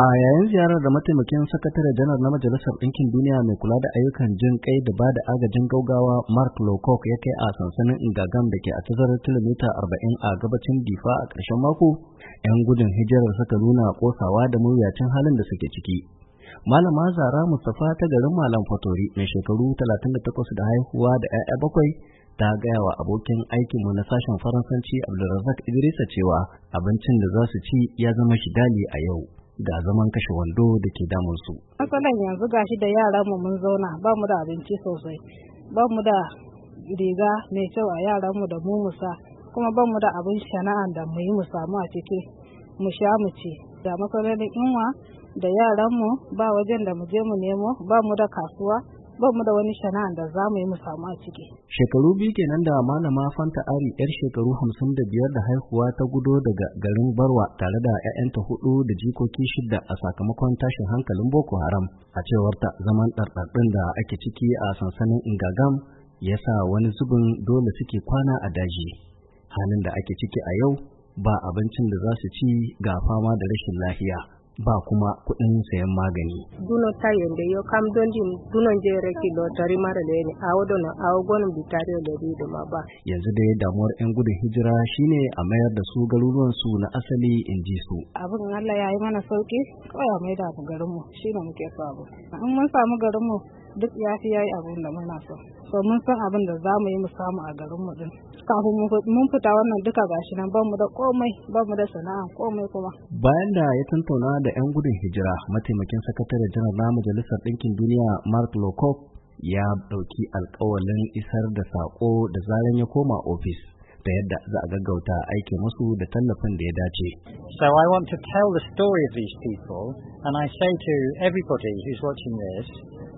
a yayin ziyarar da mataimakin sakatare janar na majalisar ɗinkin duniya mai kula da ayyukan jin kai da ba da agajin gaugawa mark lowcock ya kai a sansanin ingagam da ke a tazarar kilomita arba'in a gabacin difa a ƙarshen mako 'yan gudun hijirar suka nuna kosawa da mawuyacin halin da suke ciki malama zara mustapha ta garin malam fatori mai shekaru 38 da haihuwa da 'ya'ya bakwai ta gaya wa abokin mu na sashen faransanci abdulrazak idrisa cewa abincin da za su ci ya zama shidali a yau da zaman kashe wando da ke damun su. Matsalan yanzu gashi da yaran mu mun zauna ba mu da abinci sosai ba mu da riga mai kyau a yaran mu da mu musa kuma ba mu da abin shana'an da mu yi mu samu a ciki mu sha mu ci da matsalolin inwa da yaran mu ba wajen da mu je mu nemo ba mu da kasuwa ba mu da wani shana da za mu yi mu samu a ciki. Shekaru biyu kenan da malama Fanta Ari yar shekaru hamsin da biyar da haihuwa ta gudo daga garin Barwa tare da 'ya'yanta hudu da jikoki shida a sakamakon tashin hankalin Boko Haram. A cewar ta zaman ɗarɗarɗin da ake ciki a sansanin Ingagam ya sa wani zubin dole suke kwana a daji. Halin da ake ciki a yau ba abincin da za su ci ga fama da rashin lafiya. ba kuma kuɗin sayan magani. Duno ta da yau kam don jin dunon je reki da tari mara da yani awo don awo gonin bitare da bi da ma ba. Yanzu dai damuwar 'yan gudun hijira shine a mayar da su garuruwan su na asali in ji su. Abin Allah ya yi mana sauki kawai mai da mu garinmu shine muke In mun samu garinmu duk ya fi yayi abin da muna so so mun san abin da za mu yi mu samu a garin mu din kafin mun fita wannan duka gashi nan ba mu da komai ba mu da sana'a komai kuma bayan da ya tantauna da yan gudun hijira mataimakin sakataren janar na majalisar ɗinkin duniya Mark Lowcock ya ɗauki alkawalin isar da sako da zaran ya koma ofis da yadda za a gaggauta aiki musu da tallafin da ya dace. So I want to tell the story of these people and I say to everybody who's watching this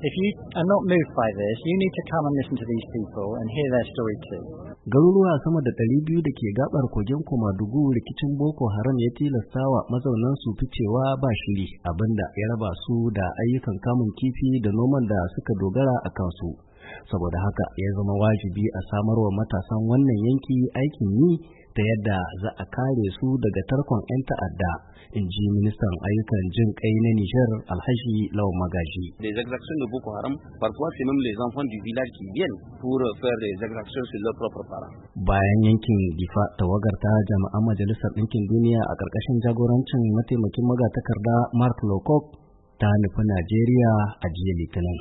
If you are not moved by this, you need to come and listen to these people and hear their story too. Garuruwa sama da ɗari biyu da ke gabar kogin kumadugu rikicin Boko Haram ya tilastawa mazaunan su ficewa ba shiri abinda ya raba su da ayyukan kamun kifi da noman da suka dogara a kansu. saboda haka ya zama wajibi a samarwa matasan wannan yanki aikin yi ta yadda za a kare su daga tarkon 'yan ta'adda in ji ministan ayyukan jin kai na Nijar Alhaji Lawan Magaji. da zagzagsun da Boko Haram su mimle zan fon du village biyan pour faire des zagzagsun sur Bayan yankin difa tawagar ta jami'an Majalisar Ɗinkin Duniya a ƙarƙashin jagorancin mataimakin magatakarda Mark lokok ta nufi Najeriya a jiya Litinin.